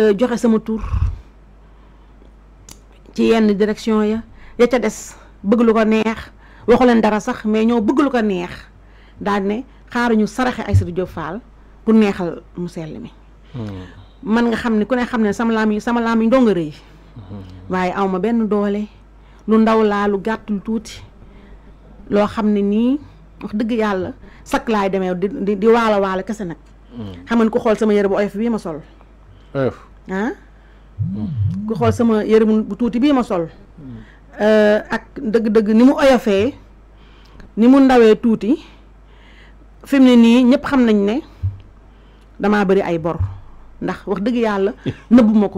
Euh, joxe sama tur ci yenn direction ya ya ca des bëgg lu ko neex waxu leen dara sax mais ñoo bëgg lu ko neex daal ne xaaruñu saraxe Aïssatou Diop Fall pour neexal mu sell mi hmm. man nga xam ne ku ne xam ne sama laam yi sama laam yi ndonga rëy hmm. waaye aw ma benn doole lu ndaw laa lu gàtt lu tuuti loo xam ne nii wax dëgg yàlla sakk laay demee di di waalo waalo kese nag hmm. xam nga ku xool sama yére bu oyof bii ma sol ah ko xool sama yere bu tuti bi ma sol hmm. eh, ak deug deug ni mu oyofee ni mu ndawé tuti fimni ni ñepp xam nañ né dama bari ay bor ndax wax deug yalla nëbbu ma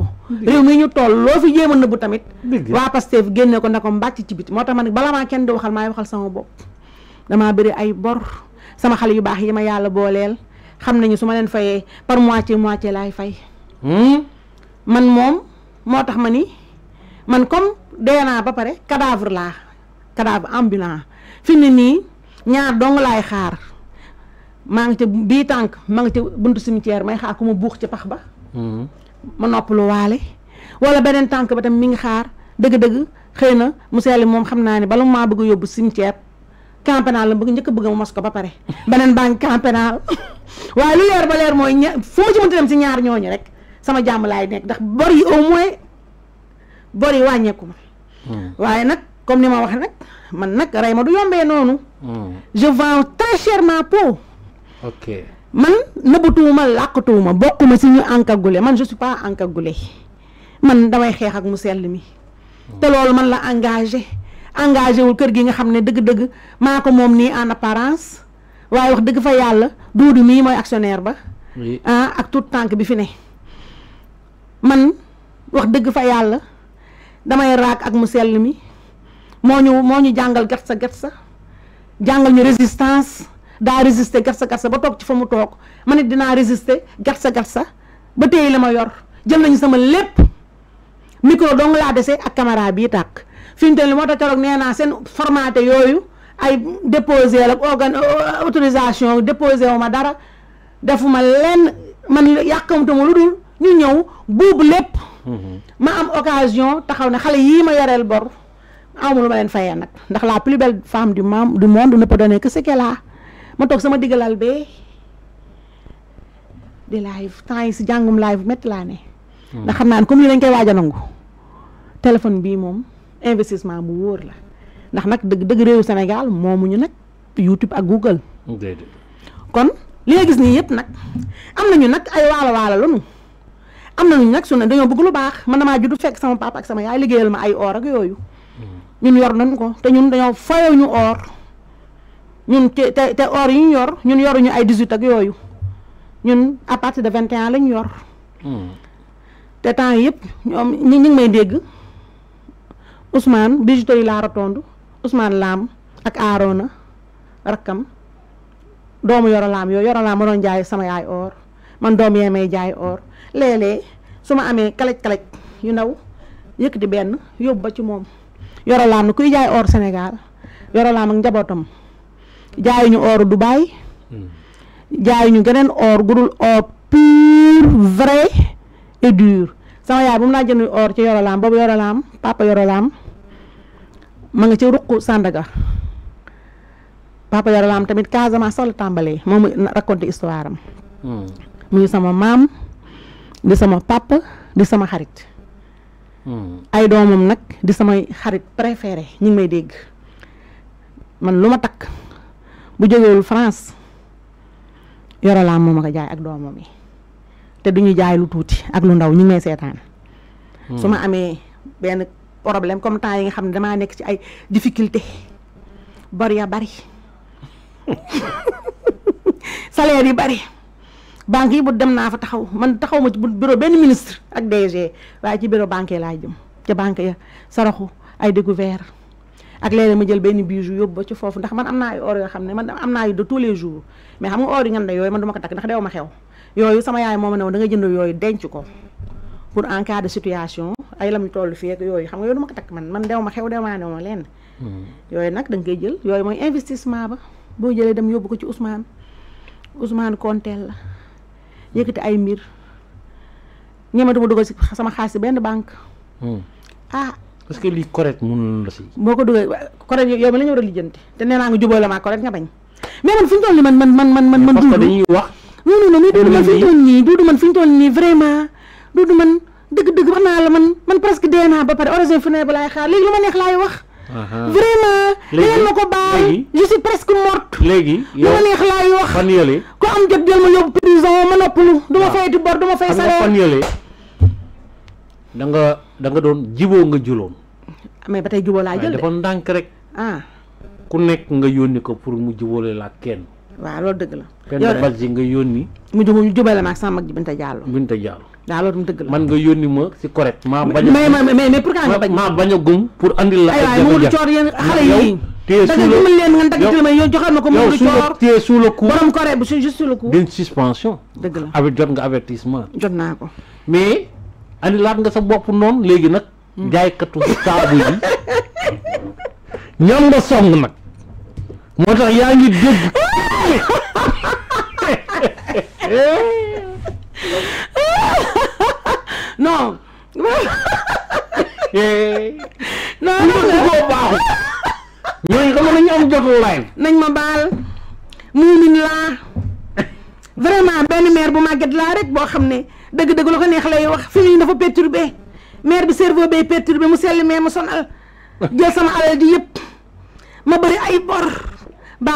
mi ñu toll lo fi jema neub tamit wa Pastef genné ko ndako mbacc ci biti motax man bala ma kenn di waxal may waxal sama bop dama bari ay bor sama xali yu bax yi ma yàlla xam nañu suma len fayé par moitié moitié lay fay Hmm? man mom motax mani man comme dee ba pare cadavre la cadavre ambulant fini ni ñaar dong lay xaar mang ngi bi tank mang maa buntu cimetière may xaar kuma buux ci pax ba. Hmm. ma noppalu walé wala benen tank ba tam mi ngi xaar deug deug xeyna na mom xamna ni xam ma bëgg yobbu cimetière camp pénal bëgg ñëk bëgg mu mos ba pare. benen bank ngi camp pénal lu leer ba leer moy fo ci dem si ñaar ñoñu rek. sama jàmm lay nek ndax bor yi au moins bor yi wàññeeku ma hmm. waaye nag comme ni ma wax nag man nak rey ma du yombé nonou hmm. je vends très cher ma peau ok man nëbbatuwuma làqatuwuma bokuma ci ñu encagoulé man je suis pas encagoulé man damay xeex ak mu sell mi hmm. te loolu man la engagé engagé wul kër gi nga xamné ne dëgg mako mom ni en apparence waye wax dëgg fa yalla duudu mi moy actionnaire ba hein ak tout tank bi fi né man wax dëgg fa yàlla damay raak ak mu sell mi moo ñu moo ñu jàngal gat sa gat sa jàngal ñu résistance daa résister gat sa gat sa ba toog ci fa mu toog ma it dinaa résister gat sa gat sa ba tey la ma yor jël nañu sama lépp micro dong laa dese ak caméra bii tàkk fi mu toll moo tax keroog nee naa seen formaté yooyu ay déposé ak organ autorisation déposé wu ma dara defuma lenn man yàkkamtuma lu dul ñu ñew maam lepp ma am occasion taxaw na xalé yi ma yarel bor amu lu ma len fayé nak ndax la plus belle femme du monde du monde ne peut donner que ce qu'elle a ma tok sama diggalal be di live tay ci si live met la né mhm. ndax xam naa comme ñu lañ koy waaj nangu téléphone bi mom investissement bu woor la ndax nak deug deug rew Sénégal ñu nak YouTube ak Google kon li nga gis ni yépp nak, amna ñu nak ay wala lu nu amna ñu nak su dañu bëgg lu baax man dama juddu fekk sama papa ak sama yaay liggéeyal ma ay or ak yoyu mm. ñun yor nañ ko te ñun dañu fayewu ñu or ñun te te or yi ñu yor ñun yoruñu ay 18 ak yoyu ñun à partir de 21 lañ yor. Mm. te temps yépp ñom ñi ngi may dégg Ousmane bijouterie la rotonde Ousmane Lam ak Arona rakam doomu yoralam yo yoralam mo doon jaay sama yaay or man doom yemay jaay or. léeg-léeg su ma amee kalaj-kalaj yu ndaw di benn yóbbu ba ci moom yoralaam na kuy jaay or Sénégal yoralaam ak njabootam jaayuñu or Dubaï hmm. jaayuñu geneen or gudul or pur vrai et dur sama yaay bu mu laa jënd or ci yoralaam boobu yoralaam papa yoralaam ma nga ci ruq Sandaga papa yoralaam tamit Casamance sax la tàmbalee moom mu raconte histoire am hmm. muy sama maam di sama papa di sama xarit. Hmm. ay doomam nag di samay xarit préféré ñu ngi may dégg man lu ma takk bu jógewul France yoralaam moom a ko jaay ak doomam yi te du ñu jaay lu tuuti ak lu ndaw ñu may seetaan. Hmm. su ma amee benn problème comme temps yi nga xam ne damaa nekk ci ay difficulté bor ya bari salaire yi bari. banque yi bu dem naa fa taxaw man taxaw ma ci bureau benn ministre ak DG waaye ci bureau banque laay jëm ca banque ya saraxu ay découvert ak léeg-léeg ma jël benn bijou yóbbu ba ci foofu ndax man am naa ay or yoo xam ne man am naa yu de tous les jours mais xam nga or yi nga ne yooyu man du ma ko takk ndax deew ma xew yooyu sama yaay moom ne woon da nga jënd yooyu denc ko pour en cas de situation ay lam toll fii ak yooyu xam nga yooyu du ma ko takk man man deew ma xew deew maa ne ma lenn hmm. yooyu nag da nga koy jël yooyu mooy investissement ba boo jëlee dem yóbbu ko ci Ousmane Ousmane Konteel la yëkëti ay mbir ñëmatuma duggal ci sama xaar ci benn banque hmm. ah parce que li correct mënul la ci boko duggal correct yow ma la wara lijeenti té néna nga la ma correct nga bañ mais man fiñ toll ni man man man man man man parce que dañuy wax non non non dudu man fiñ toll ni dudu man fiñ toll ni vraiment dudu man deug deug wax na la man man presque déna ba paré horizon fu bu lay xaar légui luma neex lay wax vraiment. léegi léegi ma ko bàyyi. je suis presque morte. léegi yow ma neex laay wax fan yële. ku am jot jël ma yóbbu prison ma noppalu. du ma fayati bor du ma fay salaire fan nga da doon jiboo nga juloon. mais ba tey juboo laa jël de dafa ndànk rek. ah ku nekk nga yónni ko pour mu juboole la ak kenn. waaw loolu dëgg la. yow de nga yónni. mu jubóo ñu jubale ma ak sama mag ji Binta Diallo. Binta Diallo. waaw loolu dëgg la man nga yónni ma si correct. maa bañ a mais mais mais pourquoi nga bañ. maa bañ a gum pour andil la. ay waay Mamadou Thior yéen xale yi. téye sous le leen nga dagg ma yow joxal ma ko Mamadou Thior téye sous le coup borom correct bu su juste sous le coup. d'une suspension. dëgg la avec jot nga avertissement. jot naa ko. mais andilaat nga sa bopp noonu léegi nag. Hmm. jaaykatu saabu yi ñam nga song nag. moo tax yaa ngi dégg. Eh. Não! Yey. non non vraiment bu rek lu ko neex lay wax fi dafa perturbé bi cerveau bay perturbé mu mais sonal jël sama alal di ma ay bor ma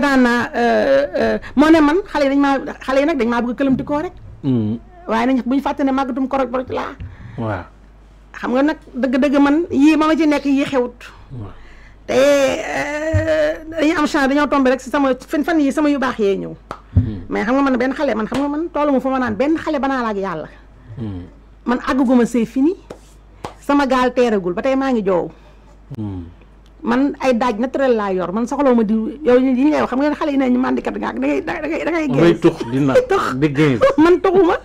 euh, euh, man dañ dañ bëgg rek. Mm waye nañ bu ñu fàtte ne màggatum koroj koroj waaw xam nga nak deug deug man yi ma ma ci nek yi xewut te eh, dañu am chance dañu tomber rek ci sama fin fan yi sama yu bax ye ñew hmm. mais xam nga man ben xalé man xam nga man toolu ma fa naan ben xalé bana la ak yàlla hmm. man àgguguma sey fini sama gal teeragul batay ma ngi jow hmm. man ay daj naturel la yor man soxlawu ma di yow yi ngay wax xam nga xalé yi ne mandikat nga da ngay da ngay da ngay génn tux di tux man tuxuma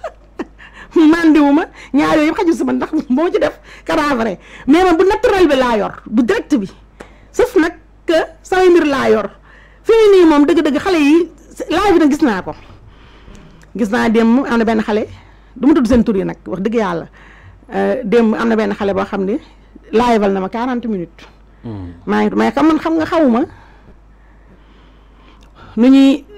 mandiwu ma ñaar yooyu yëpp xajul si man ndax boo ci def cadavre mais man bu naturel bi laa yor bu direct bi sauf nag que samay mbir laa yor fi mu nii moom dëgg-dëgg xale yi laa bi nag gis naa ko gis naa démb am na benn xale du ma tudd seen tur yi nag wax dëgg yàlla euh, démb am na benn xale boo xam ne liveal na ma 40 minutes. Hmm. maa ngi mais xam man xam nga xawuma nu ñuy.